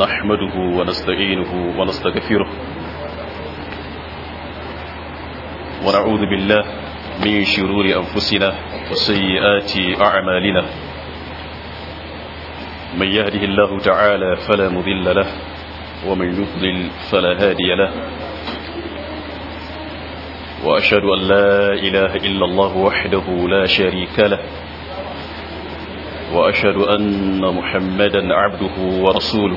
نحمده ونستعينه ونستغفره ونعوذ بالله من شرور أنفسنا وسيئات أعمالنا من يهده الله تعالى فلا مذل له ومن يضلل فلا هادي له وأشهد أن لا إله إلا الله وحده لا شريك له وأشهد أن محمدا عبده ورسوله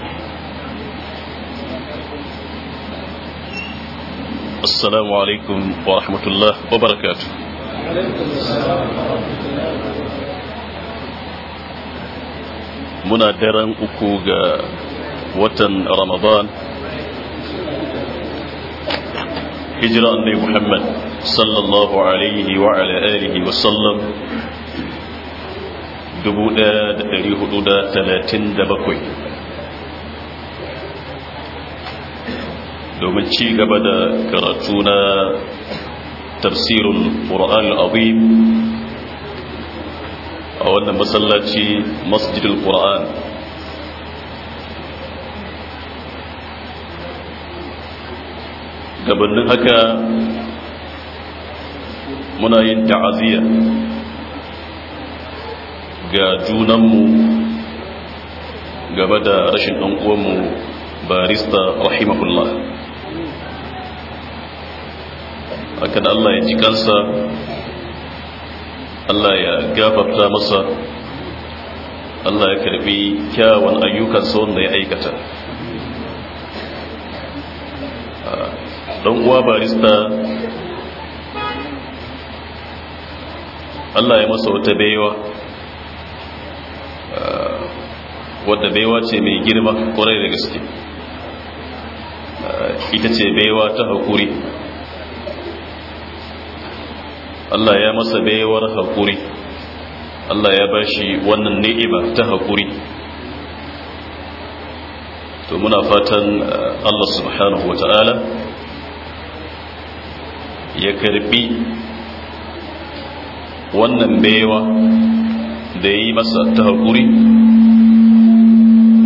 السلام عليكم ورحمة الله وبركاته منا درن أكوغا وطن رمضان هجر النبي محمد صلى الله عليه وعلى آله وسلم دبودا دريه دودا تلاتين دبكوي domin ci gaba da karatu na tafsirul ƙura'an a wannan masallaci masjidin ƙura'an gabanin haka muna yin ta'aziyya ga junanmu gaba da rashin ɗan'uwanmu barista rahimahullah da Allah ya ji kansa Allah ya gafarta masa Allah ya karbi kyawun ayyukansa wanda ya aikata don uwa barista Allah ya masa wata baiwa ah, wadda baiwa ce mai girma kwarai da gaske ah, ita ce baiwa ta haƙuri Allah ya masa baiwar haƙuri Allah ya bashi wannan ni'ima ta haƙuri to muna fatan uh, Allah subhanahu wa ta'ala ya karbi wannan baiwa da ya yi masa ta haƙuri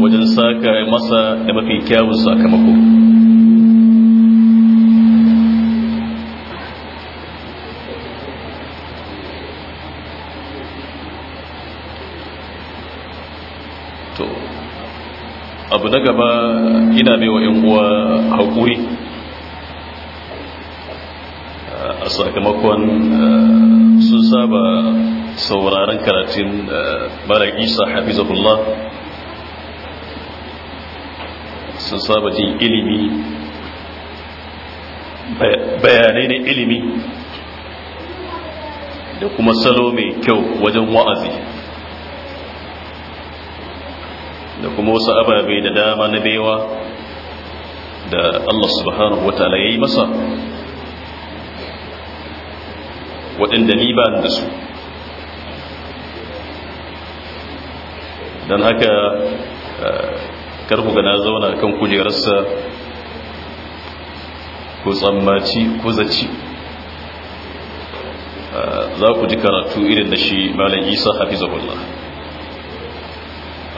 wajen saka masa da mafi kyawun sakamako abu na gaba ina mai wa uwa haƙuri a sakamakon eh, sun saba sauraron karatun eh, mara isa hafizahullah sun saba jin ilimi bayanai na ilimi da kuma salo mai kyau wajen wa'azi da kuma wasu ababe da dama na baiwa da Allah subhanahu wataala yayi masa waɗanda ni ba da su don haka eh, karku ga na zauna kan kujerarsa ko tsammaci ko zaci eh, za ku ji karatu irin da shi malam isa hafizahullah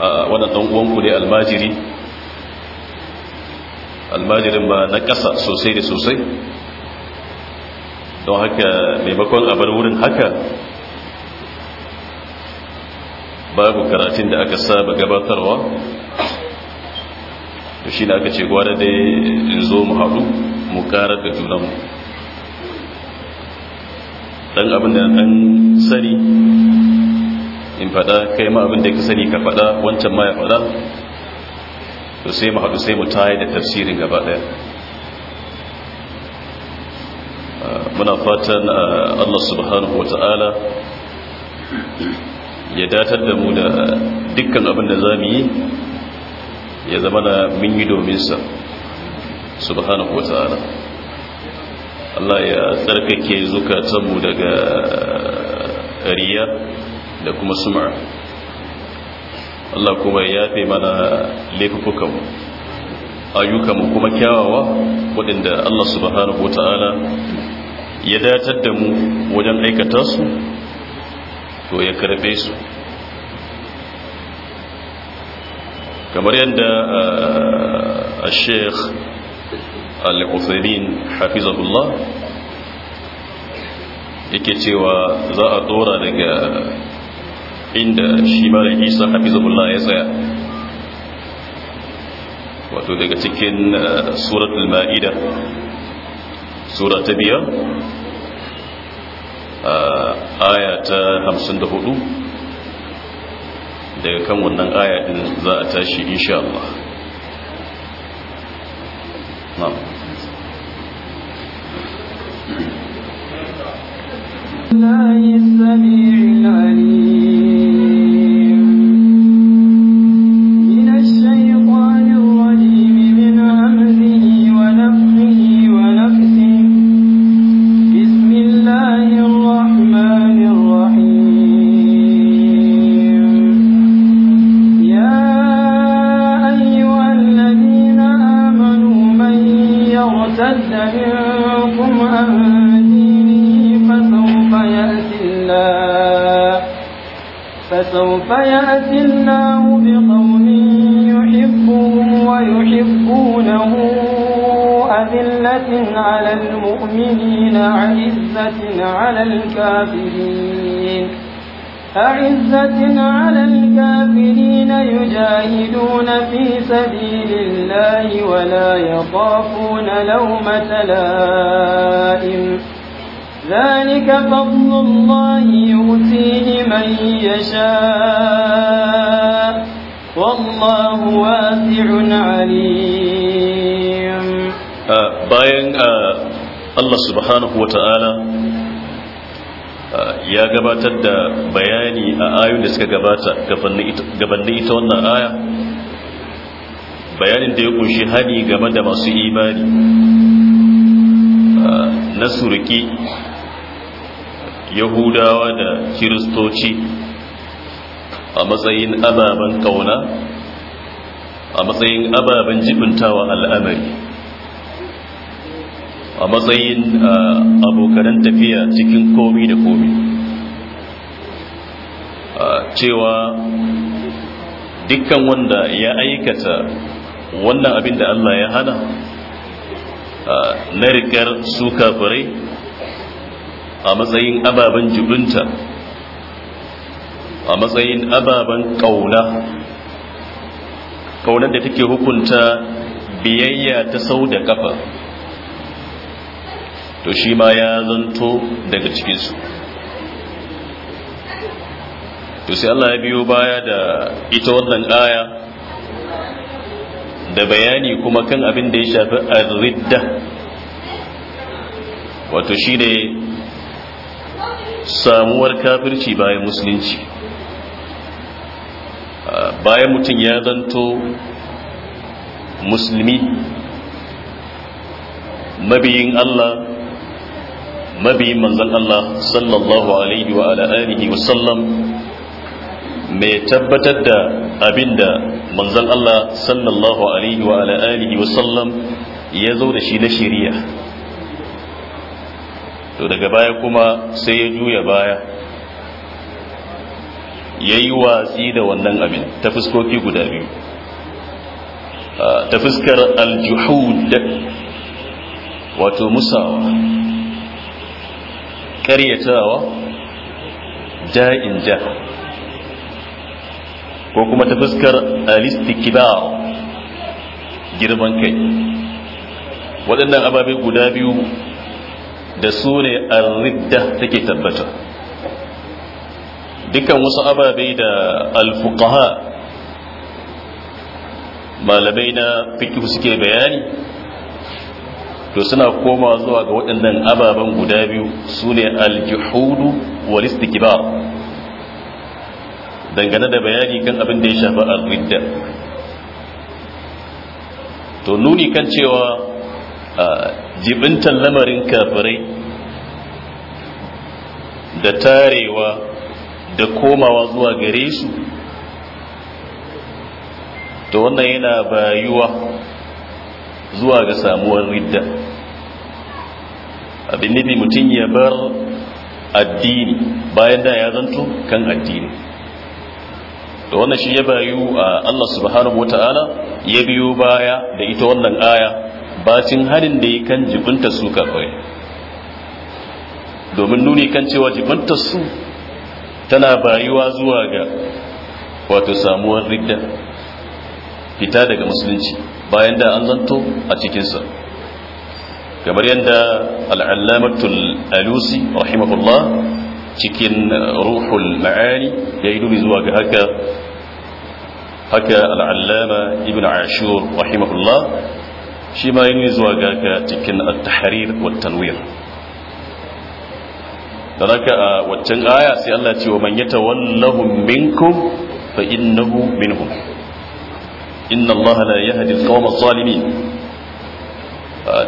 wannan dan uwanku ne almajiri almajirin ba na ƙasa sosai da sosai don haka a bar wurin haka babu karatun da aka saba gabatarwa da shi da aka ce gwada dai zo mu haɗu mu ƙarar da junanmu ɗan abin da ɗan sani in faɗa kai ma abin da ka sani ka faɗa wancan ma ya faɗa to sai mu haɗu sai mu tayi da tafsirin gaba ɗaya ah, muna fatan ah, Allah subhanahu wa ta'ala ya datar da mu da dukkan abin da za mu yi ya zama na mun yi domin sa, subhanahu wa ta'ala Allah ya tsarkake zukatanmu daga riya da kuma sum'a Allah kuma ya fi mana laifukanmu ayyukanmu kuma kyawawa waɗanda Allah subhanahu wa ta'ala ya datar da mu wajen aikata su to ya karbe su kamar yadda ah, a sheikh al-uthaymin hafizahullah yake cewa za a ɗora daga inda shi malam isa hafizullah ya tsaya wato daga cikin uh, suratul ma'ida sura ta biyar uh, aya ta hamsin da hudu daga kan wannan aya din za a tashi insha Allah لا يستمع العليم يشاء والله واسع عليم bayan Allah subhanahu wata'ala ya gabatar da bayani a ayoyin da suka gabata gabanin ita wannan aya bayanin da ya kunshi hani game da masu imani na suruki yahudawa da kiristoci a matsayin ababen kauna a matsayin ababen jibintawa al'amari a matsayin abokanan tafiya cikin komi da komi cewa dukkan wanda ya aikata wannan abin da Allah ya hana na rigar su kafirai a matsayin ababen jibinta a matsayin ababen ƙauna, ƙaunar da take hukunta biyayya ta sau da ƙafa, to shi ma ya zanto daga cikinsu to sai Allah ya biyo baya da ita wannan aya da bayani kuma kan abin da ya shafi arridda wato shi ne samuwar kafirci bayan musulunci bayan mutum ya zanto musulmi mabiyin Allah mabiyin manzan Allah sallallahu alaihi wa alihi wasallam mai tabbatar da abinda manzan Allah sallallahu alaihi wa alihi wasallam ya zo da shi na shari'a to daga baya kuma sai ya juya baya ya yi watsi da wannan abin ta fuskoki guda biyu ta fuskar aljuhud wato musawa karyatawa ja'in ja ko kuma ta fuskar alistikibar girman kai waɗannan ababe guda biyu da su ne al-ridda take tabbata dukkan wasu ababe da al malamai na fikihu suke bayani to suna koma zuwa ga waɗannan ababen guda biyu su ne aljihudu wal istikbar dangane da bayani kan abin da ya shafi al-ridda to nuni kan cewa ah, jibintan lamarin kafirai da tarewa da komawa zuwa gare su to wannan yana bayuwa zuwa ga samuwar ridda abin nufi mutum ya bar addini bayan da ya zanto kan addini da wannan shi ya bayu a Allah subhanahu Ta'ala ya biyo baya da ita wannan aya bacin harin da ya kan jibinta su kawai domin nuni kan cewa jibinta su tana bayuwa zuwa ga wato samuwar ridda fita daga musulunci bayan da an zanto a cikinsa kamar yadda al'allamatul alusi rahimahullah cikin ruhul ma'ani ya yi dubi zuwa ga haka haka al'allama ibn ashur rahimahullah shi ma yin zuwa gaka cikin at-tahrir wa tanwir dan haka a waccan aya sai Allah ce wa man yatawallahum minkum fa innahu minhum inna Allah la yahdi al-qawma adh-dhalimin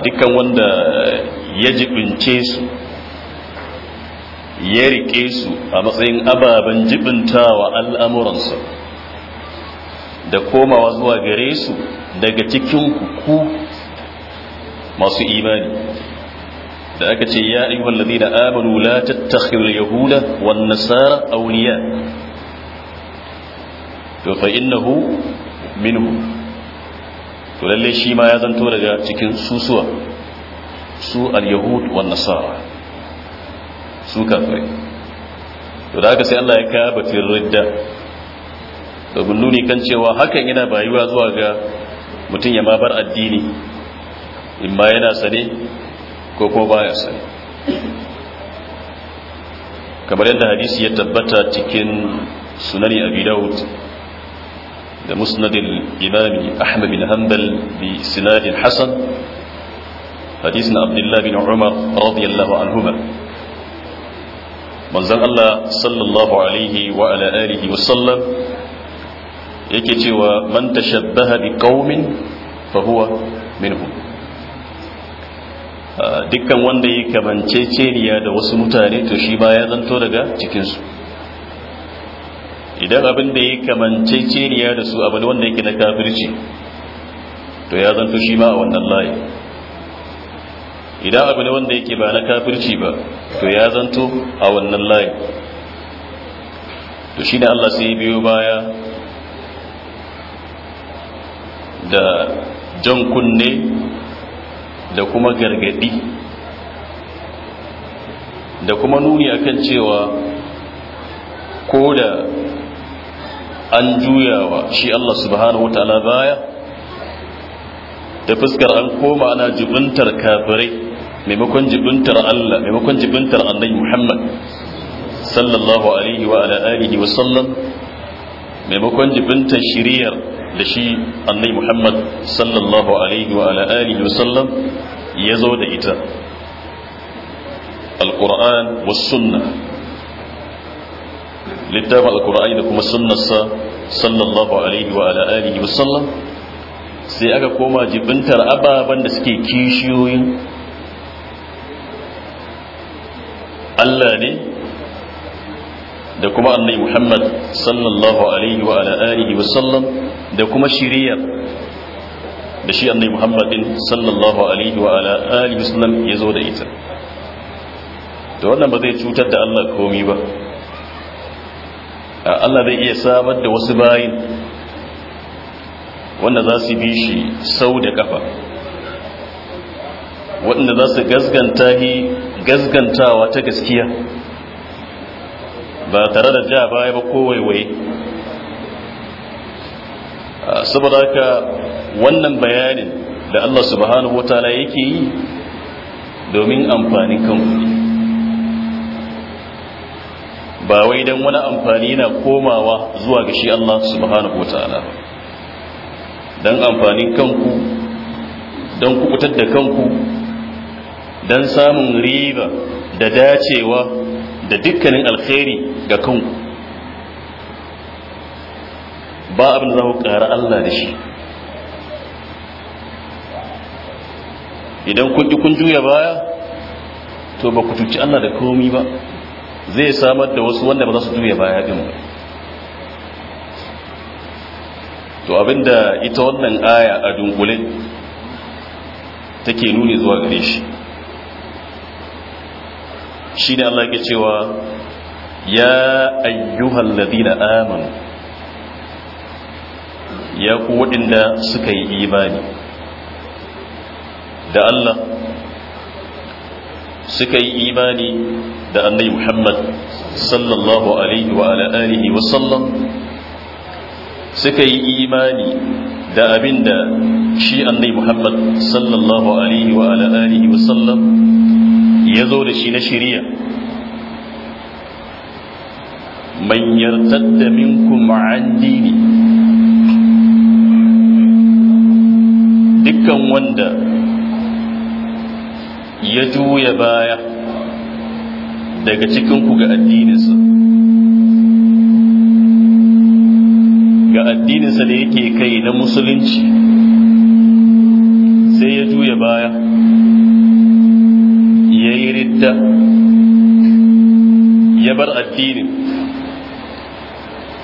dukkan wanda ya jibince su ya rike su a matsayin ababen jibintawa al'amuransu da komawa zuwa gare su daga cikin ku masu imani da aka ce ya ayyuhal ladina amanu la tattakhidul yahuda wan nasara awliya to fa innahu minhum to lalle shi ma ya zanto daga cikin susuwa su al-yahud wan nasara su kafirai to da aka sai Allah ya ka batir ridda domin nuni kan cewa hakan yana bayuwa zuwa ga mutum ya ma bar addini in ma yana sane ko kuma baya sani. kamar yadda hadisi ya tabbata cikin sunani abi daud da musnadin imami ahmad bin hanbal bi sinadin hasan hadisin abdullahi bin umar radiyallahu anhuma manzon Allah sallallahu alaihi wa ala alihi wa sallam yake cewa man tashabbaha bi qaumin fa huwa minhum Ah, dukkan wanda ya kamanceceniya da wasu mutane to shi ba ya zanto daga cikinsu idan abin da ya kamanceceniya da su abin wanda yake na kafirci to ya zanto shi ma a wannan layi idan abin wanda yake ba na kafirci ba to ya zanto a wannan layi to shi da Allah sai biyo baya da jan kunne da kuma gargadi da kuma nuni akan cewa ko da an juyawa shi Allah subhanahu wataala baya da fuskar an koma ana jibintar kafirai maimakon jibintar Allah maimakon jibintar annabi Muhammad sallallahu alaihi wa ala alihi wa sallam maimakon jibintar shiriyar da shi annai muhammad sallallahu alaihi wa ala alihi sallam ya zo da ita alquran was sunna littafin alqur'ani da kuma sunnarsa sallallahu alaihi wa ala alihi sallam sai aka koma jibintar ababen da suke kishiyoyin Allah ne da kuma annabi Muhammad sallallahu alaihi wa ala alihi wa sallam da kuma shiriyar da shi annabi Muhammad din sallallahu alaihi wa ala alihi wa sallam ya zo da ita da wannan ba zai cutar da Allah komai ba Allah zai iya samar da wasu bayin wanda za su bi shi sau da kafa waɗanda za su gasganta gasgantawa ta gaskiya ba tare da ja baya ba ko waiwaye ah, saboda haka wannan bayanin da Allah subhanahu wa ta'ala yake yi domin amfanin kanku ba wai don wani amfani na komawa zuwa ga shi Allah subhanahu wa ta'ala don amfanin kanku don kuɓutar da kanku don samun riba da dacewa da dukkanin alkhairi da kanku ba abin za ku ƙara Allah da shi idan kun kun juya baya to ba ku tuci Allah da komi ba zai samar da wasu wanda ba za su juya baya din ba to abinda ita wannan aya a dunkule take nuni zuwa gare shi shi ne Allah ke cewa ya ayyuhal ladina amanu ya ku waɗanda suka yi imani da Allah suka yi imani da annai Muhammad sallallahu alaihi wa wa sallam suka yi imani da abinda shi annai Muhammad sallallahu alaihi wa wa sallam ya zo da shi na shari'a من يرتد منكم عن ديني dukkan wanda ya juya baya daga cikinku ga addininsa ga addininsa da yake kai na musulunci sai ya juya baya ya yi ridda ya bar addinin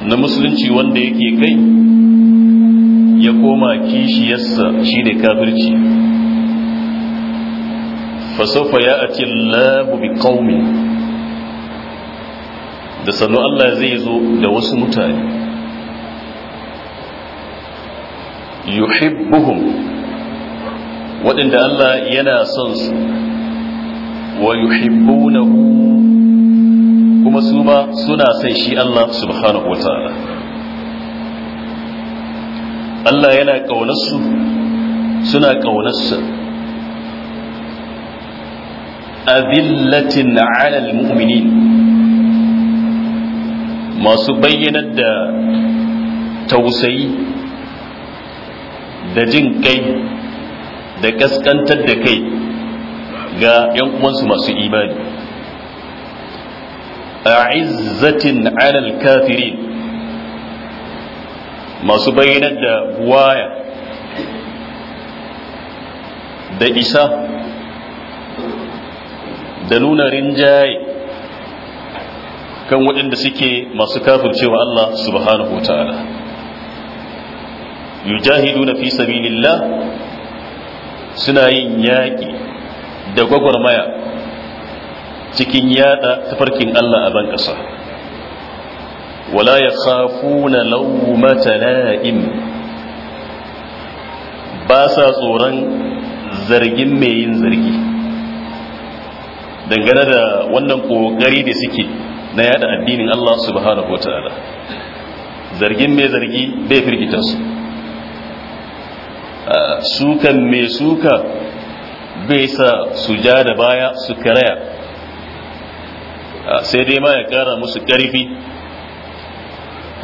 na musulunci wanda yake kai ya koma kishiyarsa ne kafirci fasofa ya ati labu bi da sannu Allah zai zo da wasu mutane yuhibbuhum waɗanda Allah yana son su wa yuhibbunahu kuma su ma suna son shi Allah subhanahu wa ta'ala Allah yana ƙaunarsu suna ƙaunarsa azillatin alal mu'minin masu bayyana da tausayi da jin kai da kaskantar da kai ga 'yan uwansu masu imani a'izzatin 'alal kafirin masu bayyanar da waya da isa da nuna rinjaye kan waɗanda suke masu kafircewa Allah subhanahu wa ta'ala yujahiduna fi sabilillah suna yin yaƙi da gwagwarmaya cikin yada tafarkin Allah a ban kasa wala yakhafuna lawmata la'im ba sa tsoron zargin mai yin zargi dangane da wannan kokari da suke na yada addinin Allah subhanahu wataala zargin mai zargi bai firgita su sukan mai suka bai sa su ja da baya su karaya sai dai ma ya kara musu ƙarfi,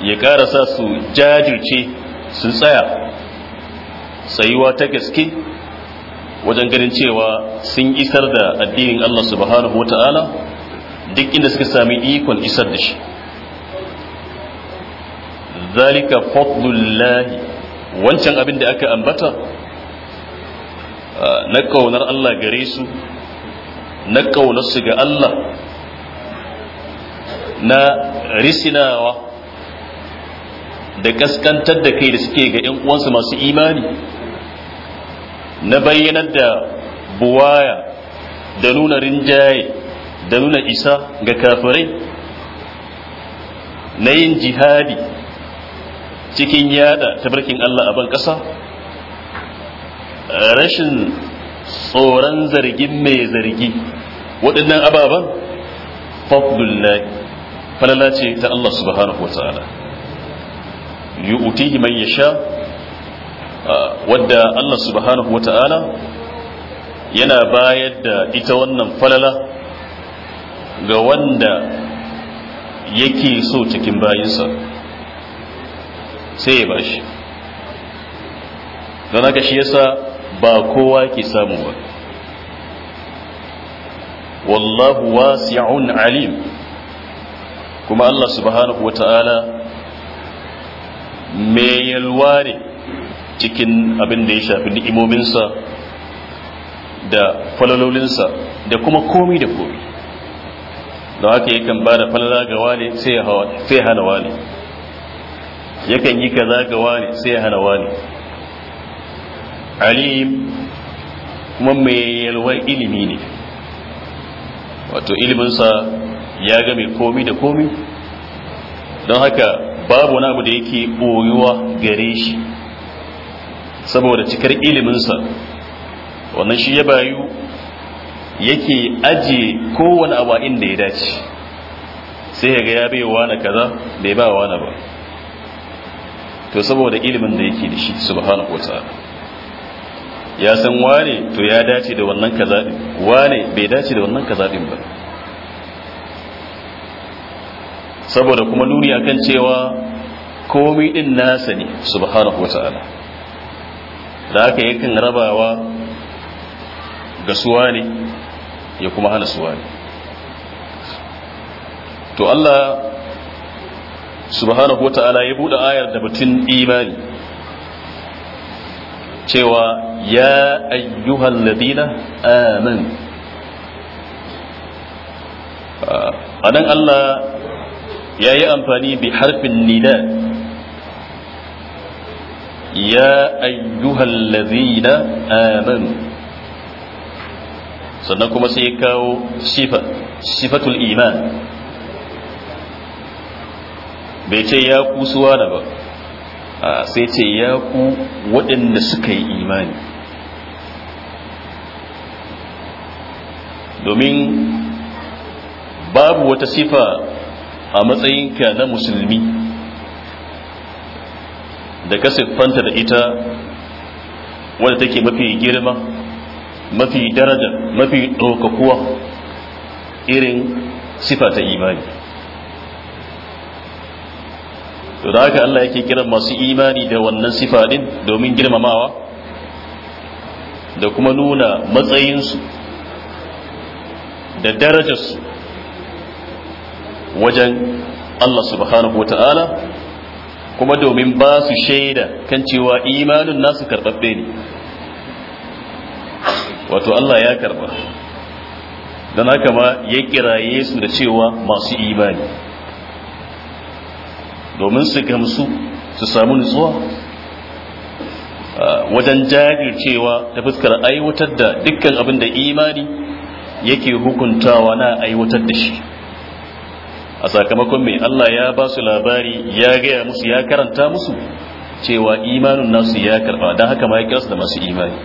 ya kara sa su jajirce su tsaya tsayuwa ta gaske wajen ganin cewa sun isar da addinin Allah subhanahu wa ta'ala duk inda suka sami ikon isar da shi zalika fadlullahi wancan abin da aka ambata na ƙaunar Allah gare su na kaunar su ga Allah na risinawa da kaskantar da kai da suke ga 'yan uwansu masu imani na bayyanar da buwaya da nuna rinjaye da nuna isa ga kafirai na yin jihadi cikin yada tabarkin Allah a ban ƙasa rashin tsoron zargin mai zargi waɗannan ababen fafdullahi falala ce ta Allah subhanahu wataala yu'tihi man yasha wadda Allah subhanahu yana bayar da ita wannan falala ga wanda yake so cikin bayinsa sai ya bashi don haka shi yasa ba kowa ke samu ba wallahu wasi'un alim kuma Allah subhanahu wata'ala mai yalwa ne cikin abin da ya shafi ni'imominsa da falalolinsa da kuma komi da komi da haka yakan ba da falala ga wane sai hana wane yakan yi kaza ga wane sai hana wane alim kuma mai yalwa ilimi ne wato iliminsa ya ga mai komi da komi don haka babu wani abu da yake boyuwa gare shi saboda cikar iliminsa wannan shi ya bayu yake aje kowane abu inda ya dace sai ya ga ya bai wani kaza bai ba wani ba to saboda ilimin da yake da shi subhanahu wata'ala ya san wane to ya dace da wannan kaza wane bai dace da wannan kaza din ba saboda kuma nuni akan cewa komai din nasa ne subhanahu wata'ala da aka yi kan rabawa ga suwa ne ya kuma hana suwa ne to Allah subhanahu wata'ala ya buɗe ayar da batun imani cewa ya ayyuhal ladina amin a nan Allah ya yi amfani bi harfin nida ya ayyuhal lazina amanu sannan kuma sai ya kawo sifa sifatul iman bai ce ya ku suwa na ba sai ce ya ku waɗanda suka yi imani domin babu wata sifa a matsayinka na musulmi da ka siffanta da ita wadda take mafi girma mafi daraja mafi ɗaukakuwa irin sifa ta imani to da haka Allah yake kiran masu imani da wannan sifa din domin girmamawa da kuma nuna matsayinsu da darajarsu wajen Allah subhanahu wa ta'ala kuma domin ba su shaida kan cewa imanin nasu karɓaɓɓe ne wato Allah ya karɓa don haka ma ya kiraye su da cewa masu imani domin su gamsu su samu nutsuwa ah, wajen jajircewa ta fuskar aiwatar da dukkan abin da imani yake hukuntawa na aiwatar da shi a sakamakon mai Allah ya ba su labari ya gaya musu ya karanta musu cewa imanin nasu ya karba don haka ma ya kira su da masu imani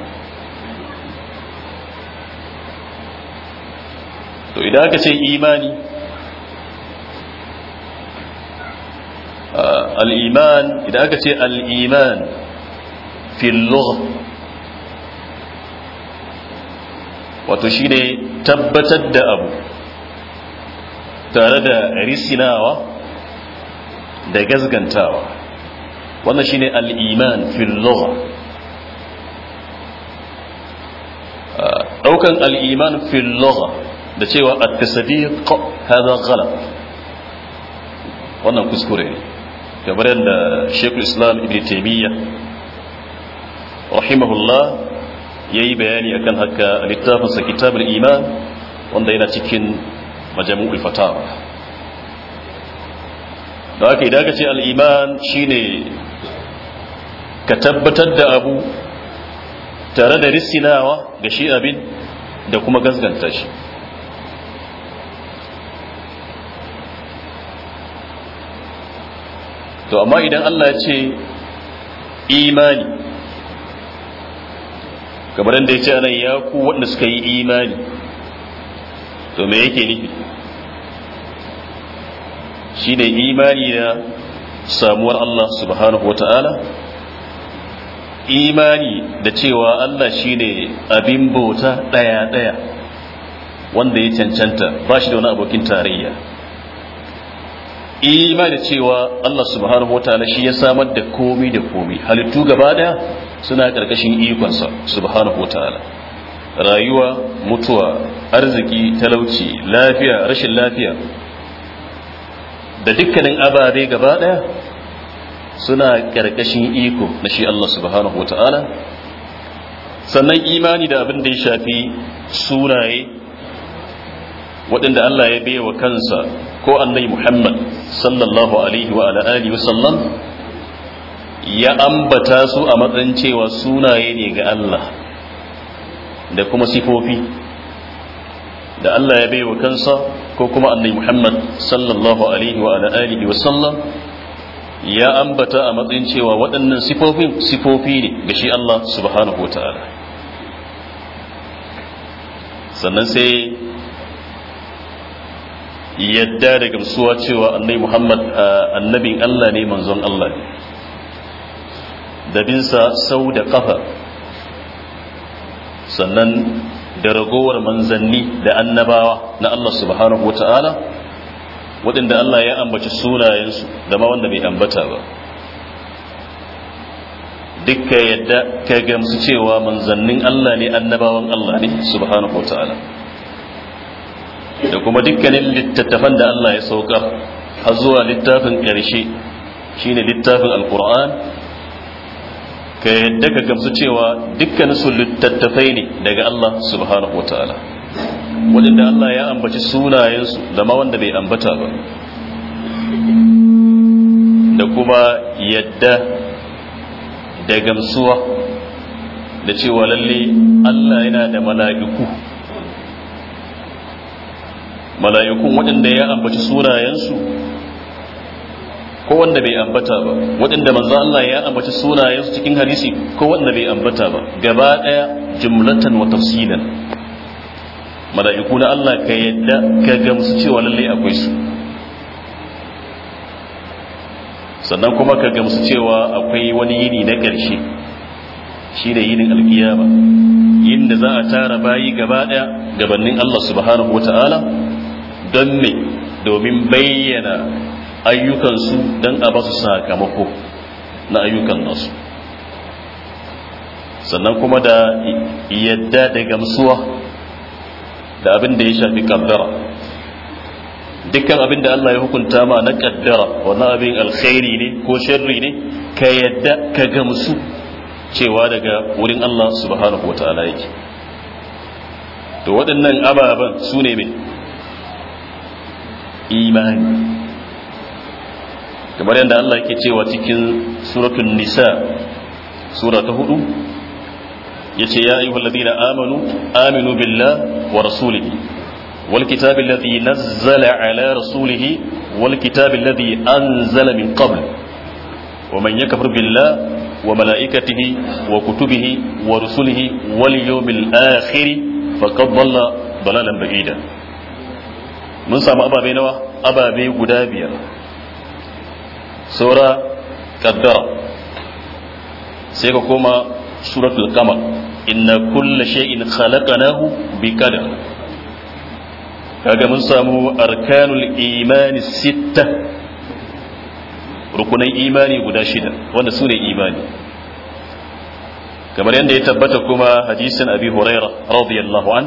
to idan aka ce imani al'iman idan aka ce al'iman fil wato shine tabbatar da abu tare da risinawa da gazgantawa wannan shine al-iman fil lugha daukan al-iman fil lugha da cewa at-tasdiq hada ghalat wannan kuskure ne kamar yadda Sheikh Islam Ibn Taymiyyah rahimahullah yayi bayani akan haka littafinsa kitabul iman wanda yana cikin majmu'ul fatawa da haka idan ka ce al'iman shine ka tabbatar da abu tare da risinawa ga shi abin da kuma gasganta shi to amma idan Allah ya ce imani kamar da ya ce anan ya ku waɗanda suka yi imani to me yake nufi shine imani da samuwar Allah subhanahu wata'ala imani da cewa Allah shi ne abin bauta ɗaya-ɗaya wanda ya cancanta ba shi da wani abokin tarayya imani da cewa Allah subhanahu wata'ala shi ya samar da komi da komi halittu gaba ɗaya suna ƙarƙashin ikonsa subhanahu wata'ala rayuwa mutuwa arziki talauci lafiya rashin lafiya da dukkanin ababe gaba daya suna karkashin iko na shi Allah subhanahu wata'ala sannan imani da abin da ya shafi sunaye waɗanda Allah ya baiwa kansa ko annai Muhammad sallallahu alaihi wa alihi wa sallam ya ambata su a matsayin cewa sunaye ne ga Allah da kuma sifofi da Allah ya baiwa kansa ko kuma annabi Muhammad sallallahu alaihi wa alihi wa sallam ya ambata a matsayin cewa waɗannan sifofin sifofi ne da shi Allah subhanahu wa ta'ala sannan sai yadda da gamsuwa cewa annabi Muhammad annabin Allah ne manzon Allah da binsa sau da kafa sannan da ragowar manzanni da annabawa na Allah subhanahu wata'ala waɗanda Allah ya ambaci sunayensu da ma wanda bai ambata ba dukkan yadda ka gamsu cewa manzannin Allah ne annabawan Allah ne subhanahu da kuma dukkanin littattafan da Allah ya saukar har zuwa littafin ƙarshe shine littafin alkur'an ka yadda ka gamsu cewa dukkan su littattafai ne daga Allah subhanahu wataala wadanda Allah ya ambaci sunayensu da ma wanda bai ambata ba da kuma yadda da gamsuwa da cewa lalle Allah yana da mala'iku mala'ikun waɗanda ya ambaci sunayensu ko wanda bai ambata ba waɗanda manzo Allah ya ambaci sunayensu cikin hadisi ko wanda bai ambata ba gaba ɗaya jumlatan wa tafsilan mala'iku na Allah ka yadda ka gamsu cewa lalle akwai su sannan kuma ka gamsu cewa akwai wani yini na ƙarshe shi da yinin alƙiyama yin da za a tara bayi gaba ɗaya gabanin Allah subhanahu wa don me domin bayyana ayyukansu dan a basu sakamako na ayyukan nasu sannan kuma da yadda da gamsuwa da abin da ya shafi kaddara dukkan abin da Allah ya hukunta ma na kaddara wani abin alkhairi ne ko sharri ne ka yadda ka gamsu cewa daga wurin Allah subhanahu wataala yake to waɗannan ababen su ne mai imani kamar yadda Allah yake cewa cikin suratul nisa sura ta hudu yace ya ayyuhal ladina amanu aminu billah wa rasulihi wal kitabi alladhi nazzala ala rasulihi wal kitabi alladhi anzala min qabl wa man yakfur wa malaikatihi wa kutubihi wa rusulihi wal yawmil akhir faqad dhalla dalalan ba'ida mun samu ababe nawa ababe guda biyar saura kaddara sai ka koma suratul qamar inna kulla shay'in khalaqnahu bi qadar kaga mun samu arkanul imani sitta rukunan imani guda shida wanda su imani kamar yadda ya tabbata kuma hadisin abi huraira radiyallahu an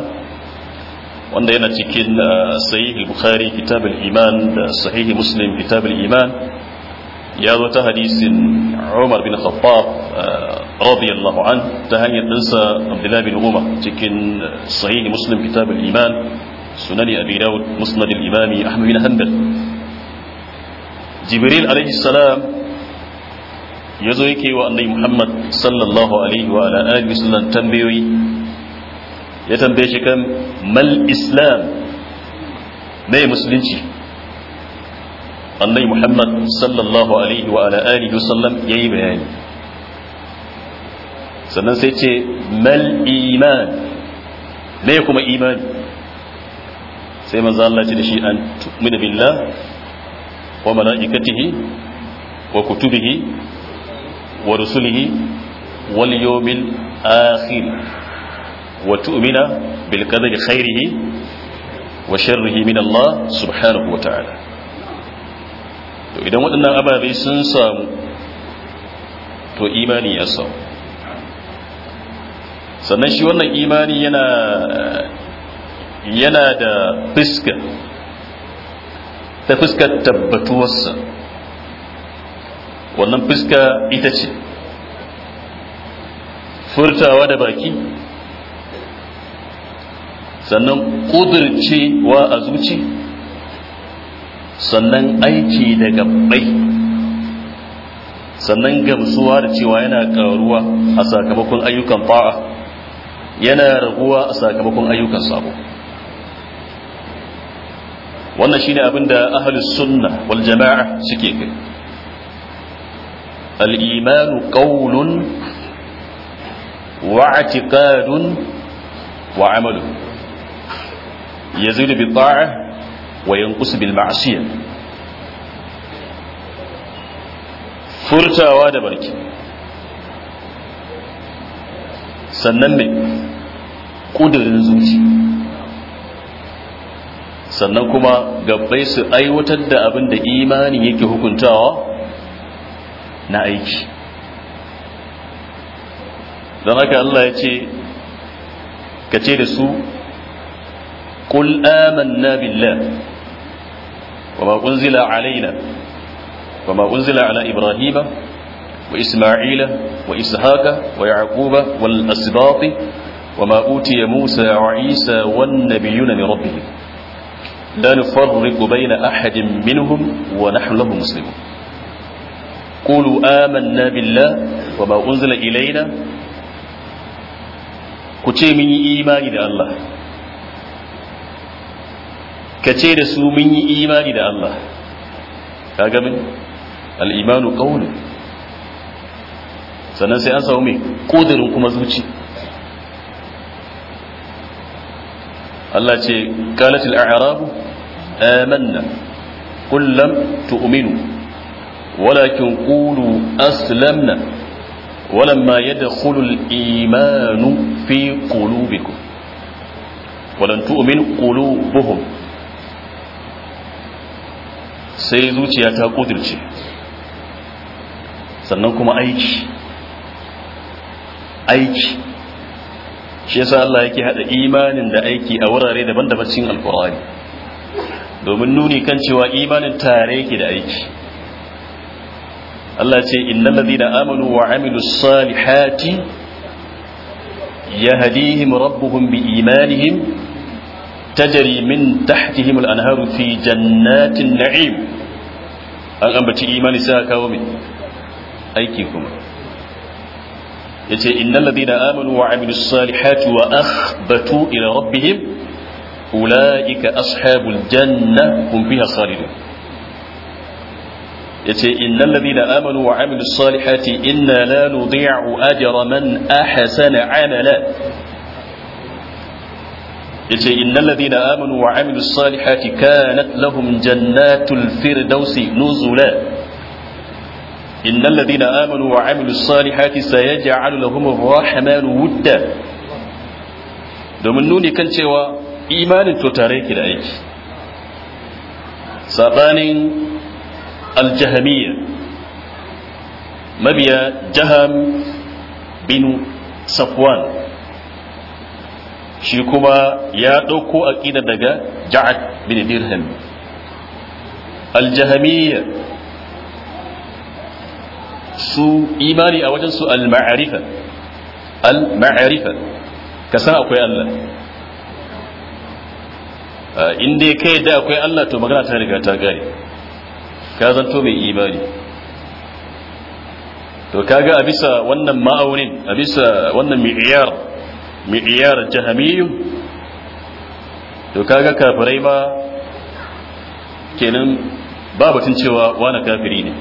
wanda yana cikin ah, sahih al-bukhari kitab iman da sahihi muslim kitab iman يا ذات حديث عمر بن الخطاب آه، رضي الله عنه تهني الدنسة عبد الله بن عمر تكن صحيح مسلم كتاب الإيمان سنن أبي داود مسند الإمام أحمد بن حنبل جبريل عليه السلام يزويك وأني محمد صلى الله عليه وعلى آله وسلم تنبيوي يتنبيشكم ما الإسلام ما مسلمتي annabi Muhammad sallallahu alaihi wa ala alihi ya yayi bayani sannan sai ce mal iman me kuma imani sai maza Allah ce da shi an tu'minu billah wa malaikatihi wa kutubihi wa rusulihi wal yawmil akhir wa tu'mina bil qadari khairihi wa sharrihi min Allah subhanahu wa ta'ala to idan waɗannan ababe sun samu to imani ya samu sannan shi wannan imani yana yana da fiska ta fiska tabbatuwarsa wannan fiska ita ce furtawa da baki sannan wa a zuci sannan aiki da gabbai sannan gamsuwa da cewa yana karuwa a sakamakon ayyukan fa'a yana raguwa a sakamakon ayyukan sabo wannan shine abin da ahlus sunna wal jama'a suke kai al imanu qawlun wa i'tiqadun wa 'amalun yazidu bi ta'ah wa yanqus bil ma'siyah furtawa da barki sannan mai sannan kuma gabbai su aiwatar da abin da imani yake hukuntawa na aiki don haka Allah ya ce ka ce da su ƙul amanna billah وما أنزل علينا وما أنزل على إبراهيم وإسماعيل وإسحاق ويعقوب والأسباط وما أوتي موسى وعيسى والنبيون من ربهم لا نفرق بين أحد منهم ونحن له مسلمون قولوا آمنا بالله وما أنزل إلينا كتيمني إيماني لله ka ce da su mun yi imani da Allah ka gabin al'imanu ƙauni sannan sai an samu mai ƙudurin kuma zuci Allah ce kalatil a'arabu amanna kullum tu'minu walakin qulu aslamna ولما يدخل الإيمان في قلوبكم ولن تؤمن قلوبهم sai zuciya ta kudirce sannan kuma aiki aiki shi yasa Allah yake hada imanin da aiki a wurare daban-daban cikin alkurani domin nuni kan cewa imanin tare yake da aiki Allah ce innal ladina amanu wa amilus salihati yahdihim rabbuhum bi imanihim تجري من تحتهم الأنهار في جنات النعيم أن أنبت إيمان ساكا ومن أيكيكم يتي إن الذين آمنوا وعملوا الصالحات وأخبتوا إلى ربهم أولئك أصحاب الجنة هم بها خالدون يتي إن الذين آمنوا وعملوا الصالحات إنا لا نضيع أجر من أحسن عملا yace innal ladina amanu wa amilus salihati kanat lahum jannatul firdausi nuzula innal ladina amanu wa amilus salihati sayaj'alu lahum ar-rahman wudda domin nuni kan cewa imanin to tare ki da aiki sabanin aljahamiyya mabiya jaham bin safwan shi kuma ya ɗauko aƙida daga ja'ad bin dirham aljahamiyya su imani a wajen su al-ma'arifa al-ma'arifa ka san akwai Allah in dai kai da akwai Allah to magana ta riga ta gare ka zanto mai imani to kaga a bisa wannan ma'aunin a bisa wannan mi'iyar mi'iyar jahamiyu to kaga kafirai ba kenan ba batun cewa wani kafiri ne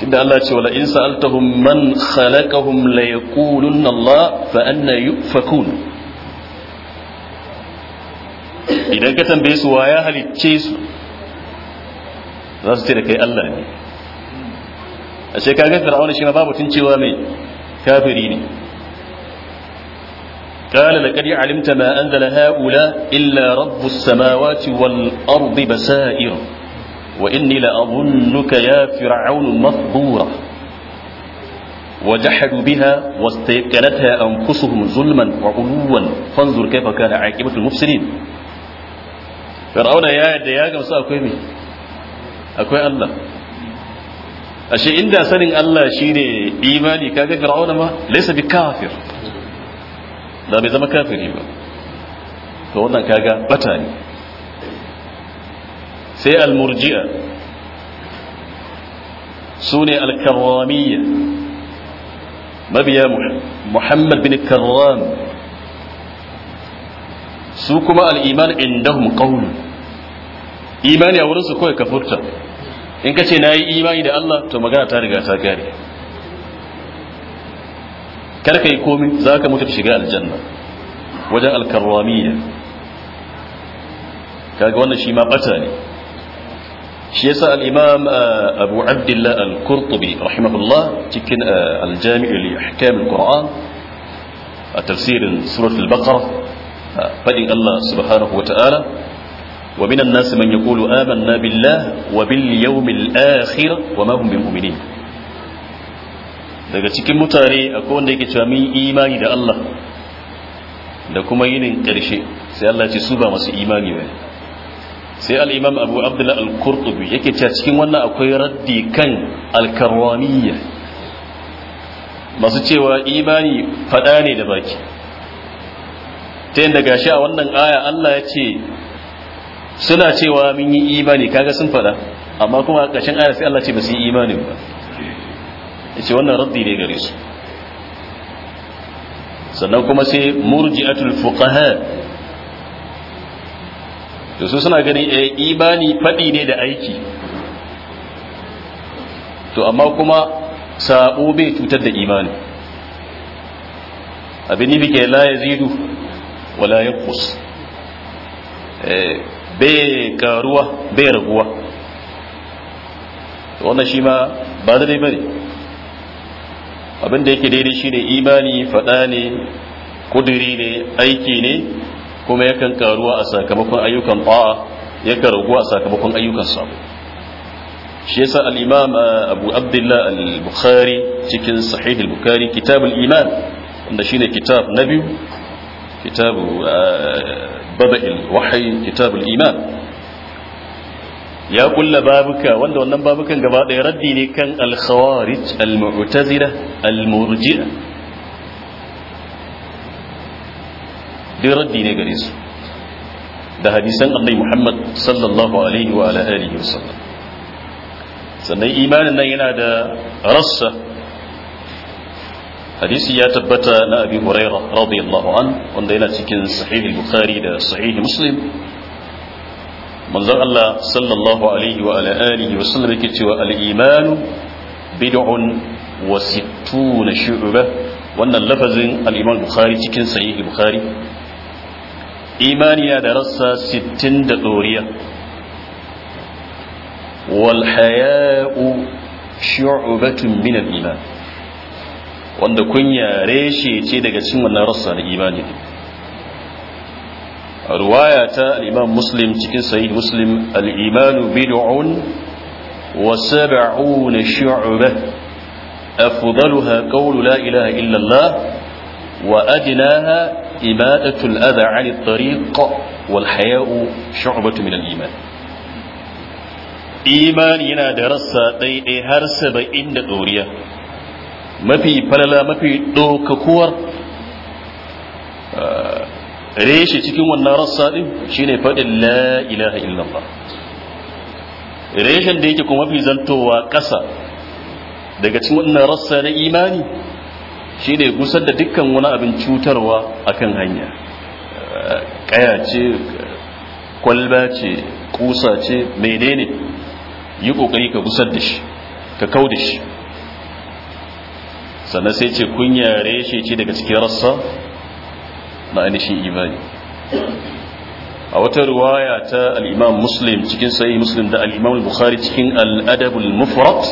tunda Allah ce wala in sa'altahum man khalaqahum la yaqulun Allah fa anna yufakun idan ka tambaye su waya halicce su za su ce da kai Allah ne a kaga fir'auna shi ma babu tun cewa mai kafiri ne قال لقد علمت ما أنزل هؤلاء إلا رب السماوات والأرض بسائر وإني لأظنك يا فرعون مفضورا وجحدوا بها واستيقنتها أنفسهم ظلما وعلوا فانظر كيف كان عاقبة المفسدين فرعون يا يد يا جمسا أكوي مي أكوي الله أشي إن سنين الله شيني إيماني كاكا فرعون ما ليس بكافر da bai zama kafiri ba to wannan kaga bata ne sai almurji'a su ne alkarramiyya mabiya muhammad bin karram su kuma al'iman indahum qawlu imani a wurinsu kawai kafurta in ka ce na yi imani da allah to magana ta riga ta gare kar kai komai komi za ka mutu shiga aljanna wajen alkarwamiya kaga wannan shi ma bata ne shi yasa al-imam abu abdullah al-qurtubi rahimahullah cikin al-jami' al-ihkam al-qur'an a tafsirin surah al-baqara fadin Allah subhanahu wa ta'ala ومن الناس من يقول آمنا بالله وباليوم الآخر وما هم بمؤمنين daga cikin mutane akwai wanda yake cewa mun imani da Allah da kuma yinin ƙarshe sai Allah ce su ba masu imani ba sai al-imam Abu Abdullah al-Qurtubi yake cewa cikin wannan akwai raddi kan al-karwaniyya masu cewa imani fada ne da baki ta yadda gashi a wannan aya Allah ya ce suna cewa mun yi imani kaga sun fada amma kuma a ƙarshen aya sai Allah ce ba su yi imani ba ce wannan raddi ne gare su sannan kuma sai murji'atul fuqaha to su suna ganin eh imani fadi ne da aiki to amma kuma sabo bai cutar da imani abin ne bike la yazidu wala yanqus eh bai karuwa bai raguwa wannan shi ma ba da dai bane abin da yake daidai shine imani faɗa ne kudiri ne aiki ne kuma yakan karuwa a sakamakon ayyukan ta'a yakan ragu a sakamakon ayyukan sabo shi yasa al-imam uh, abu abdullah al-bukhari cikin sahih al-bukhari kitab al-iman wanda shine kitab na biyu kitab uh, bada'il wahyi kitab al-iman ya kulla babuka wanda wannan babukan gaba ɗaya raddi ne kan al al-mu'tazila al-murji'a dai raddi ne gare su da hadisan annabi Muhammad sallallahu alaihi wa ala alihi wasallam sannan imanin nan yana da rassa hadisi ya tabbata na abi hurairah radiyallahu an wanda yana cikin sahih al-bukhari da sahih muslim manzon Allah sallallahu alaihi wa alihi wa sallam yake cewa al bid'un wa sittuna shu'ba wannan lafazin al-imam bukhari cikin sahih bukhari imani ya da rassa 60 da doriya wal haya'u shu'batun min al-iman wanda kunya reshe ce daga cikin wannan rassa na imani رواية الإمام مسلم تكن سيد مسلم الإيمان بدع وسبعون شعبة أفضلها قول لا إله إلا الله وأدناها إبادة الأذى عن الطريق والحياء شعبة من الإيمان إيمان ينا درسة دي إهرس بإن دورية ما في فللا ما في دوك كور آه، reshe cikin wannan rassa din shine faɗin la ilaha illallah reshen da yake kuma fi zantowa ƙasa daga cikin wannan rassa na imani shine gusar da dukkan wani abin cutarwa akan hanya kaya ce kwalba ce kusa ce menene yi kokari ka gusar da shi ka kau da shi sannan sai ce kunya reshe ce daga cikin rassa na ainihin imani a wata ruwaya ta al'imam muslim cikin sai muslim da al'imam bukhari cikin al'adabul mufrat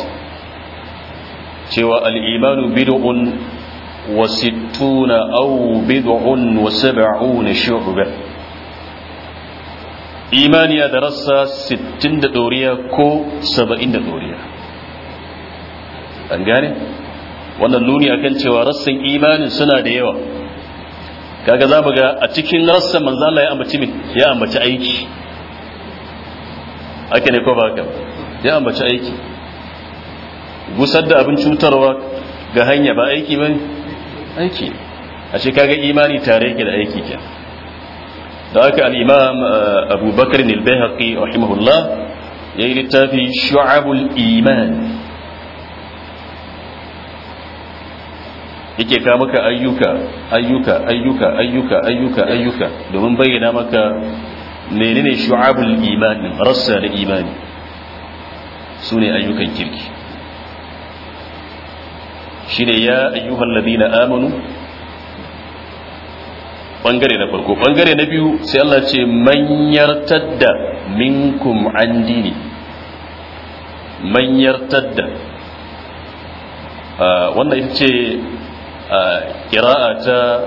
cewa al'imanu bid'un wa sittuna au bid'un wa sab'una shu'ba imaniya ya darasa 60 da doriya ko 70 da doriya an gane wannan nuni akan cewa rassan imanin suna da yawa kaga za mu ga a cikin rassan manzo Allah ya ambaci ne ya ambaci aiki ake ne ko ba ka ya ambaci aiki gusar da abin cutarwa ga hanya ba aiki ba aiki a ce kaga imani tare yake da aiki ke da haka al-imam uh, abubakar nilbehaki rahimahullah ya yi littafi shu'abul iman yake ka maka ayyuka ayyuka ayyuka ayyuka ayyuka ayyuka domin bayyana maka menene shu'abul imani rassa da imani su ne ayyukan kirki shi ne ya ayyuhan ladina amanu bangare na farko bangare na biyu sai Allah ce manyar tadda minkum an dini manyar tadda ah, wannan ita ce ƙira'a ta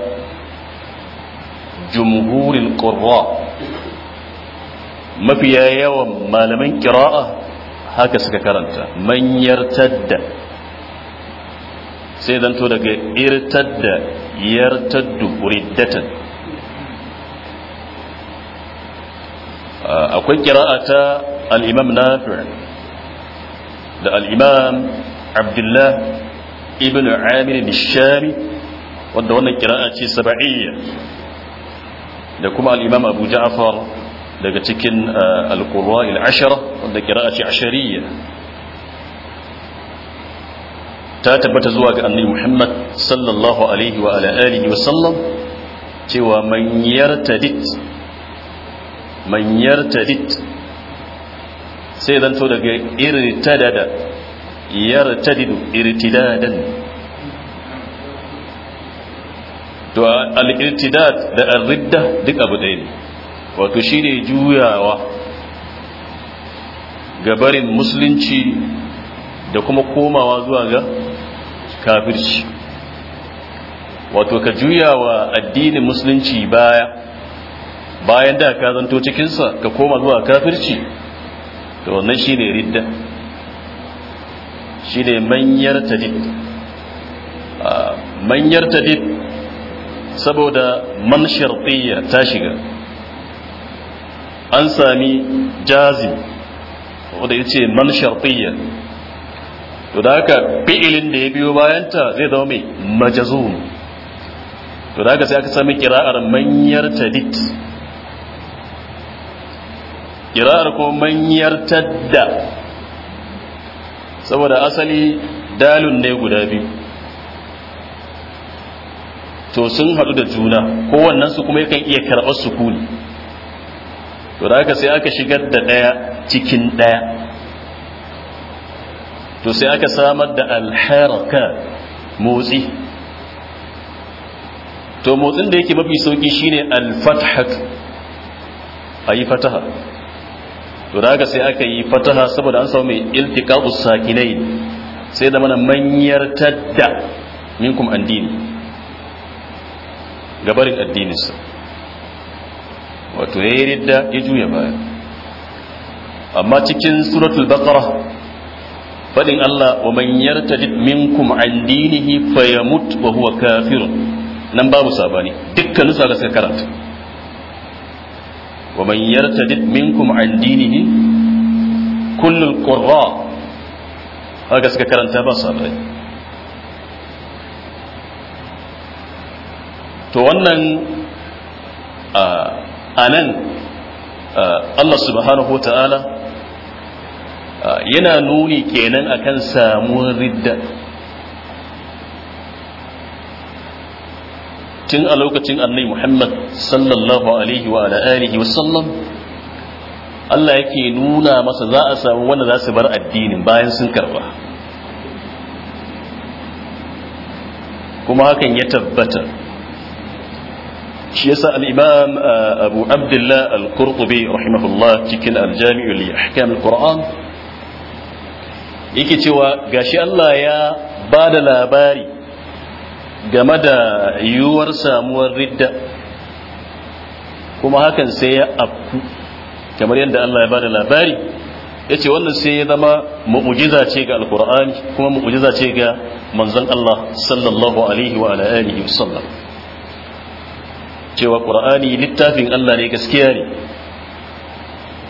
jumhurin ƙurra mafiya yawan malaman ƙira'a haka suka karanta manyar tadda sai zanto daga irtadda yartaddu riddatan akwai ƙira'a ta al'imam nafi da al'imam abdullahi ibn amir nishari wanda wannan kira'a ce saba'iyya da kuma al-imam abu ja'far daga cikin al-qurra al-ashara wanda kira'a ce ashariyya ta tabbata zuwa ga annabi Muhammad sallallahu alaihi wa ala alihi wa sallam cewa man yartadit man yartadit sai zanto daga irtadada yartadidu irtidadan to al-irtidad da ar-ridda duk abu ɗaya ne wato shine juyawa ga barin musulunci da kuma komawa zuwa ga kafirci wato ka juyawa addinin musulunci baya bayan da ka zanto cikinsa ka koma zuwa kafirci to wannan shine ridda shine manyar tadid ah, manyar tadid saboda man shartiyya ta shiga an sami jazim da yace man shartiyya to da haka fi'ilin da ya biyo bayanta zai zama mai majazum to da haka sai aka sami kira'ar manyar tadid kira'ar ko manyar tadda saboda asali dalun ne guda biyu to sun haɗu da juna kowannen su kuma yakan iya karɓar sukuni to da sai aka shigar da ɗaya cikin ɗaya to sai aka samar da alharaka motsi to motsin da yake mafi sauki shine alfathatu a yi fataha to da haka sai aka yi fataha saboda an samu mai iltiqa'u sakinai sai da mana manyar tadda minkum addini gabarin addininsa wato yayi ridda ya juya baya amma cikin suratul baqara fadin Allah wa man yartadid minkum an dinihi fayamut wa huwa kafirun nan babu sabani dukkan su sai karanta wa يرتد منكم عن دينه كل القراء qurra haka suka بصر ba to wannan anan Allah subhanahu wa yana nuni kenan akan samuwar ridda tun a lokacin annai muhammad sallallahu alaihi wa alihi wa sallam Allah yake nuna masa za a samu wanda za su bar addinin bayan sun karba kuma hakan ya tabbata shi yasa al-imam uh, abu abdullah al-qurtubi rahimahullah cikin al-jami'u li ahkam al-qur'an yake cewa gashi Allah ya bada labari game da yiwuwar samuwar ridda kuma hakan sai ya afku kamar yadda Allah ya bada labari ya ce wannan sai ya zama mu'ujiza ce ga alkur'ani kuma mu'ujiza ce ga manzan Allah sallallahu alaihi wa sallam wasallam cewa qur'ani littafin Allah ne gaskiya ne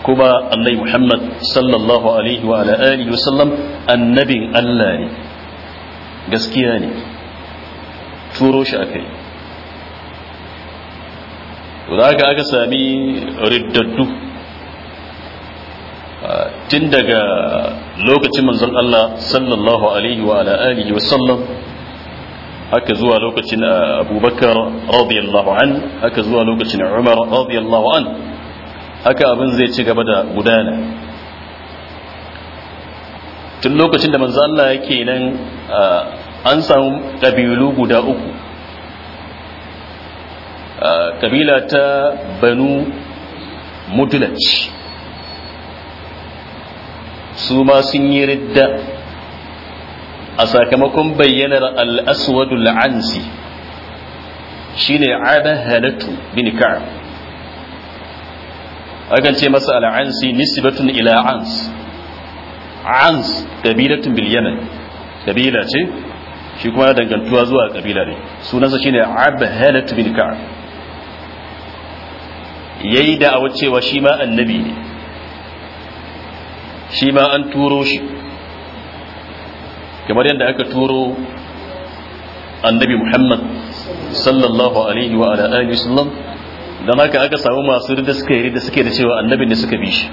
kuma annabi Muhammad sallallahu alaihi wa wa sallam annabin Allah ne gaskiya ne turo shi akai za ka aka sami riddaddu tun daga lokacin manzon Allah sallallahu alaihi wa alihi wa sallam haka zuwa lokacin abubakar radiyallahu an haka zuwa lokacin umar radiyallahu an haka abin zai ci gaba da gudana tun lokacin da manzon Allah yake nan an samu ƙabilu guda uku ƙabila ta banu mudulac su ma sun yi ridda a sakamakon bayyanar al'aswadul ansi shi ne abahalatu bin ka'ab akan ce masa al'ansi nisbatun ila ans ans ƙabilatun bil yaman ƙabila ce shi kuma dangantuwa zuwa kabila ne sunansa shine abhalat bin ka'ab yayi da'awar cewa shi ma annabi ne shi ma an turo shi kamar yadda aka turo annabi muhammad sallallahu alaihi wa ala alihi wasallam dan haka aka samu masu da suka yi da suke da cewa annabin ne suka bi shi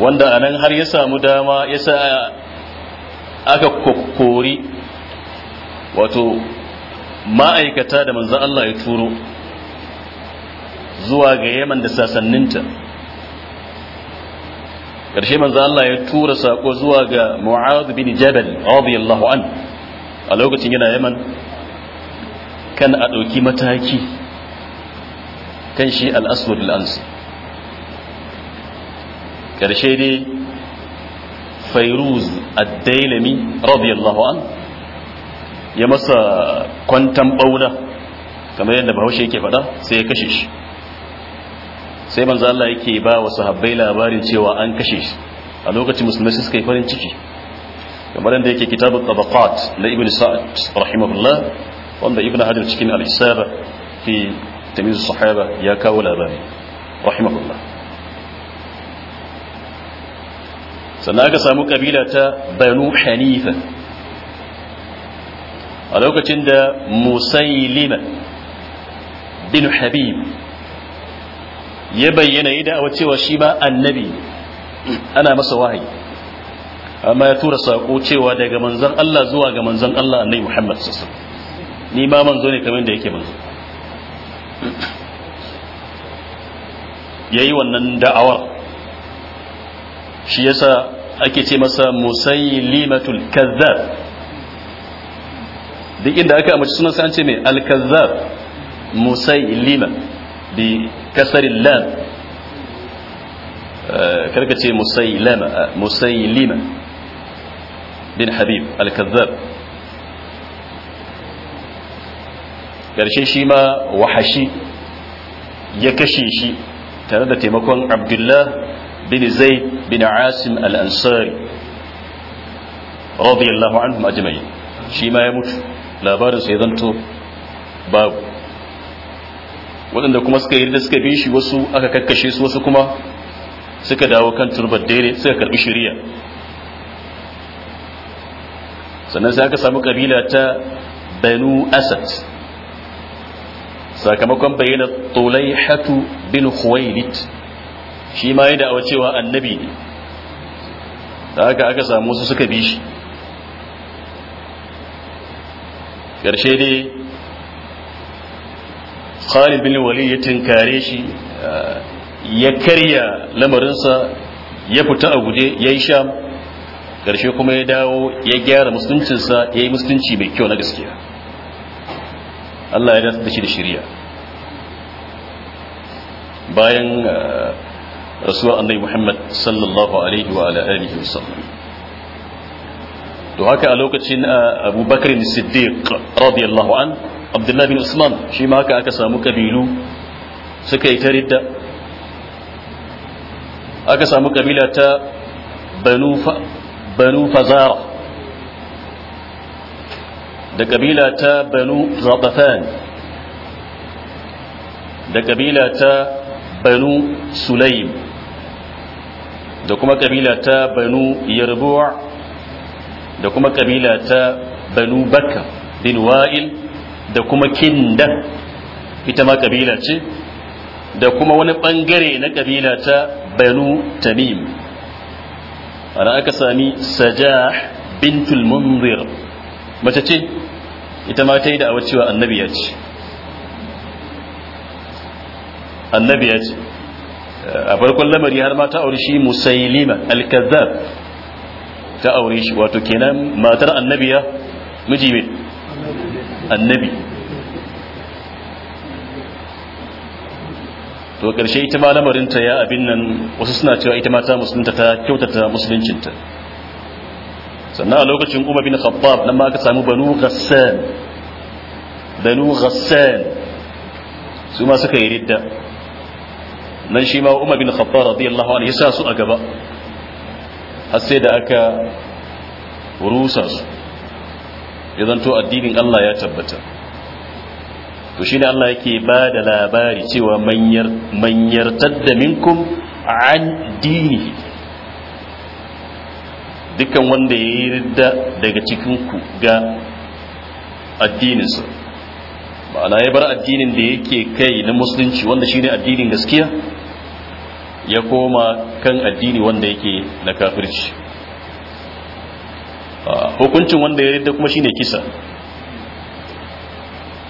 wanda anan har ya samu dama ya sa aka kokori wato ma'aikata da manzan Allah ya turo zuwa ga yaman da sasanninta ƙarshe manzan Allah ya tura saƙo zuwa ga mu'adu bin jabal radiyallahu an a lokacin yana yaman kan a ɗauki mataki kan shi al'aswad al'ansu ƙarshe dai fairuz ad-dailami radiyallahu an ya masa kwantan bauna kamar yadda bahaushe yake faɗa sai ya kashe shi sai manzo Allah yake ba wa sahabbai labarin cewa an kashe shi a lokacin musulmai suka yi farin ciki kamar yadda yake kitabut tabaqat na ibnu sa'ad rahimahullah wanda ibnu hajar cikin al-isaba fi tamyiz sahaba ya kawo labarin rahimahullah sannan aka samu kabila ta banu hanifa a lokacin da musailima bin habib ya bayyana yi da'awa cewa shi ba annabi ana masa wahayi amma ya tura saƙo cewa daga manzan Allah zuwa ga manzan Allah annai Muhammad sassan ni ma manzo ne kamar da yake manzo ya yi wannan da'awar shi yasa ake ce masa musaylimatul kazzab duk inda aka amince suna an ce mai al-kazzab musaylima bi kasarin lam eh, karka ce eh, musaylima bin habib al-kazzab karshe shi ma wahashi ya kashe shi tare da taimakon abdullah بن زيد بن عاصم الأنصاري رضي الله عنهم أجمعين شيما يموت لا بارس يذنتو باب waɗanda kuma suka yarda suka bi shi wasu aka kakkashe su wasu kuma suka dawo kan turbar dare suka karbi shari'a sannan sai aka samu kabila ta banu asad sakamakon bayyana tulaihatu bin khuwailid shi ma ya da'awa cewa annabi ne da haka aka samu wasu suka bi shi ƙarshe dai khalid bin wali ya tinkare shi eh, ya karya lamarinsa ya fita a guje ya yi sham ƙarshe kuma ya dawo ya gyara musuluncinsa ya yi musulunci mai kyau na gaskiya Allah ya dace da shi da shirya bayan eh, rasuwar annabi muhammad sallallahu alaihi wa ala alihi wasallam to haka a lokacin abubakar siddiq radiyallahu an abdullahi bin usman shi ma haka aka samu kabilu suka yi ta ridda aka samu kabila ta banu fazara da kabila ta banu zaɓafan da kabila ta banu sulaim da kuma kabila ta banu yarbuwa da kuma kabila ta banu bakka bin wa'il da kuma kinda ita ma kabila ce da kuma wani bangare na kabila ta banu tamim ana aka sami sajah bintul munzir mace ce ita ma ta yi da cewa annabiya ce annabiya ce a farkon lamari har ma ta aure shi musailima al-kazzab ta aure shi wato kenan matar annabiya miji mai annabi to karshe ita ma lamarinta ya abin nan wasu suna cewa ita ma ta musulunta ta kyautata musuluncinta sannan a lokacin umar bin khattab nan ma aka samu banu ghassan banu ghassan su ma suka yi ridda nan shi ma umar bin khattab radiyallahu anhu yasa su a gaba har sai da aka rusa su idan to addinin Allah ya tabbata to shine Allah yake ba da labari cewa manyar manyar tadda minkum an dini dukkan wanda ya yi ridda daga cikin ku ga addininsa ma'ana ya bar addinin da yake kai na musulunci wanda shine addinin gaskiya ya koma kan addini wanda yake na kafirci hukuncin wanda ya ridda kuma shine kisa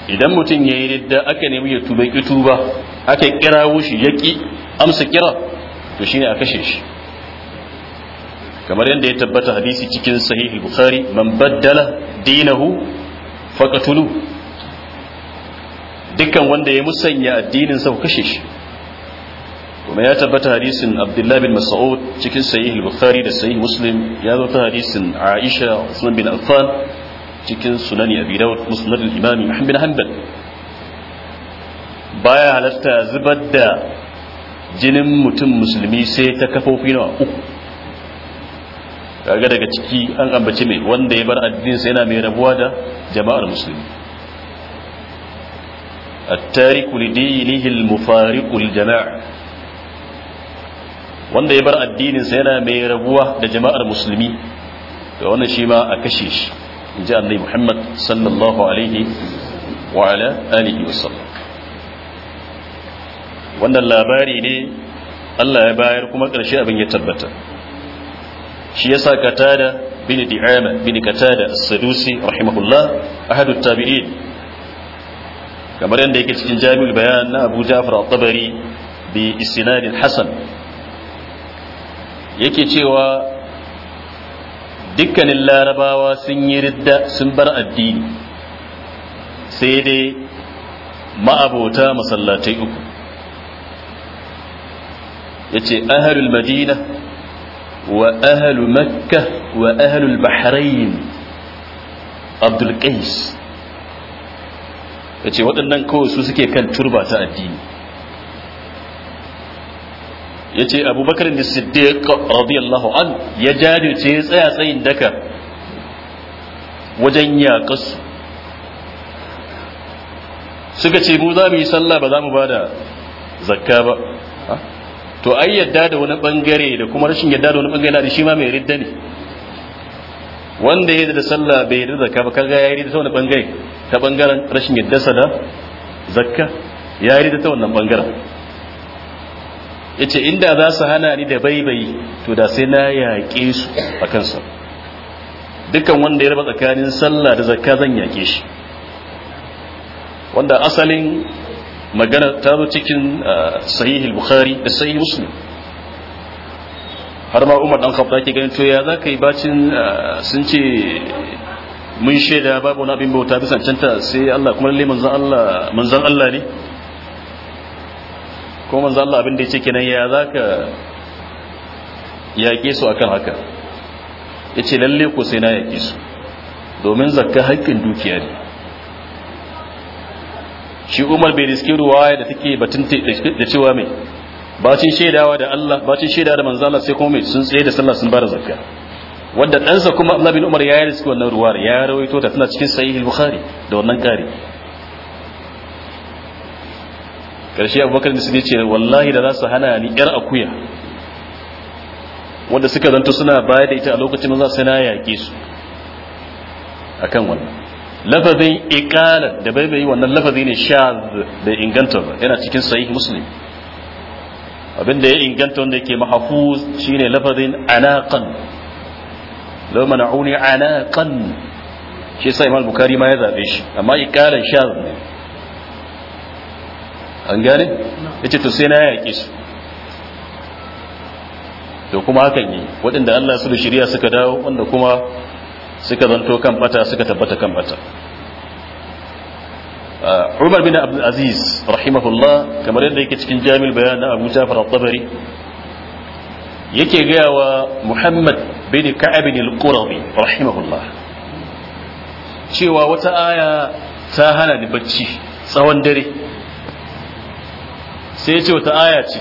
idan mutum ya yi ridda aka nemi ya tuba ki tuba aka kira wushi ya ki amsa kira to shine a kashe shi kamar yadda ya tabbata hadisi cikin sahihi bukhari man baddala dinahu faqatulu dukkan wanda ya musanya addinin sa ku kashe shi kuma ya tabbata hadisin abdullahi bin mas'ud cikin sahih al-bukhari da sahih muslim ya zo ta hadisin aisha usman bin affan cikin sunani abi dawud musnad al-imam ahmad bin hanbal baya halatta zubar da jinin mutum musulmi sai ta kafofi na uku kaga daga ciki an ambaci mai wanda ya bar addinin sa yana mai rabuwa da jama'ar musulmi at-tariku li dinihi al-mufariqu al-jama'a wanda ya bar addinin sa yana mai rabuwa da jama'ar musulmi da wannan shi ma a kashe shi in ji annabi Muhammad sallallahu alaihi wa ala alihi wa sallam wannan labari ne Allah ya bayar kuma ƙarshe abin ya tabbata shi yasa katada bin di'ama bin katada sadusi rahimahullah ahadu tabi'in kamar yadda yake cikin jami'ul bayan na Abu Ja'far at-Tabari bi isnadin hasan yake cewa dukkanin larabawa sun yi ridda sun bar addini sai dai ma'abota masallatai uku ya ce ahalul madina wa ahalu makka wa ahalul bahrain abdulkais ya ce waɗannan kawai su suke kan turba ta addini yace abubakar da siddiq radiyallahu an ya jajirce ya tsaya tsayin daka wajen yaƙasu suka ce mu za mu yi sallah ba za mu ba da zakka ba to ai yadda da wani bangare da kuma rashin yadda da wani bangare da shi ma mai ridda ne wanda ya da sallah bai da zakka ba kaga ya yi ta wani bangare ta bangaren rashin yadda da zakka ya yarda ta wannan bangaren Ya ce inda za su hana ni da baibayi to da sai na yaƙe su a kansa dukkan wanda ya raba tsakanin sallah da zakka zan yaƙe shi wanda asalin magana ta zo cikin ah, sahihul bukhari da sahih muslim har ma umar dan khattab ke ganin to ya zaka yi bacin ah, sun ce mun shaida babu wani abin bauta bisa canta sai Allah kuma lalle manzon Allah manzon Allah ne ko manzo Allah abin da yake kenan ya zaka yaƙe su akan haka yace lalle ko sai na yaƙe su domin zakka haƙƙin dukiya ne shi Umar bai riske ruwaya da take batun da cewa mai bacin shaidawa da Allah bacin shedawa da manzo Allah sai kuma mai sun tsaye da sallah sun bara zakka wanda ɗansa kuma Abdullah bin Umar ya yi riske wannan ruwayar ya rawaito ta tana cikin sahih bukhari da wannan ƙari. karshe abubakar da su ce wallahi da za su hana ni yar akuya wanda suka zanto suna bayar da ita a lokacin maza sai na yaƙe su akan wannan lafazin iqalan da bai bai wannan lafazi ne shadh da inganta yana cikin sahih muslim abinda ya inganta wanda yake mahfuz shine lafazin anaqan law mana'uni anaqan shi sai imam bukhari ma ya zabe shi amma iqalan shadh ne an gane ya ce to sai na yaƙe su to kuma hakan yi waɗanda allah su da shirya suka dawo wanda kuma suka zanto kan bata suka tabbata kan bata umar bin abdul aziz rahimahullah kamar yadda yake cikin jami'ul bayan na abu jafar al-tabari yake gaya wa muhammad bin ka'abin al-qurabi rahimahullah cewa wata aya ta hana ni bacci tsawon dare sai ya ce wata aya ce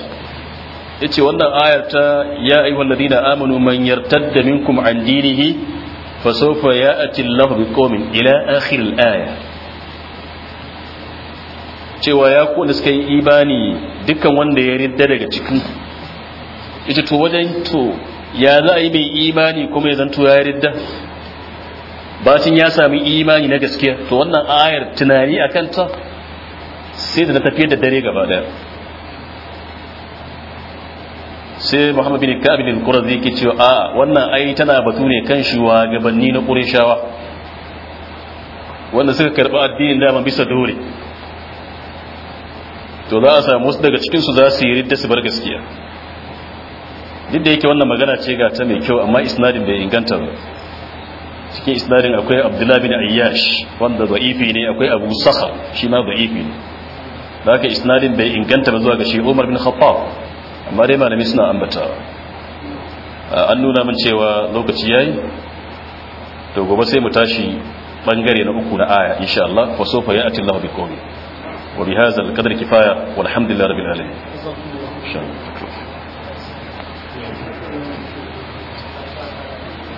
ya ce wannan ayar ta ya ayi wallazi na amanu man yartadda minkum an dinihi fa sawfa ya'ti Allahu komin ila akhir aya cewa ya kuɗa suka yi imani dukkan wanda ya ridda daga cikin ita to wajen to ya za a yi mai imani kuma ya zanto ya ridda bacin ya sami imani na gaskiya to wannan ayar tunani a kanta sai da na tafiyar da dare gaba daya sai muhammad bin ka'ab bin qurazi yake cewa a wannan ai tana batu ne kan shi wa gabanni na ƙurishawa wanda suka karɓi addinin dama bisa dore to za a samu wasu daga cikinsu za su yi ridda su bar gaskiya duk da yake wannan magana ce ga ta mai kyau amma isnadin bai inganta ba cikin isnadin akwai abdullahi bin ayyash wanda za'ifi ne akwai abu sahar shi ma za'ifi ne da haka isnadin bai inganta ba zuwa ga shi umar bin khattab amma dai malami suna ambatawa an nuna min cewa lokaci yayi to gobe sai mu tashi bangare na uku na aya insha Allah fa sofa ya'ti bi biqawli wa hadha al-qadri kifaya walhamdulillahi rabbil alamin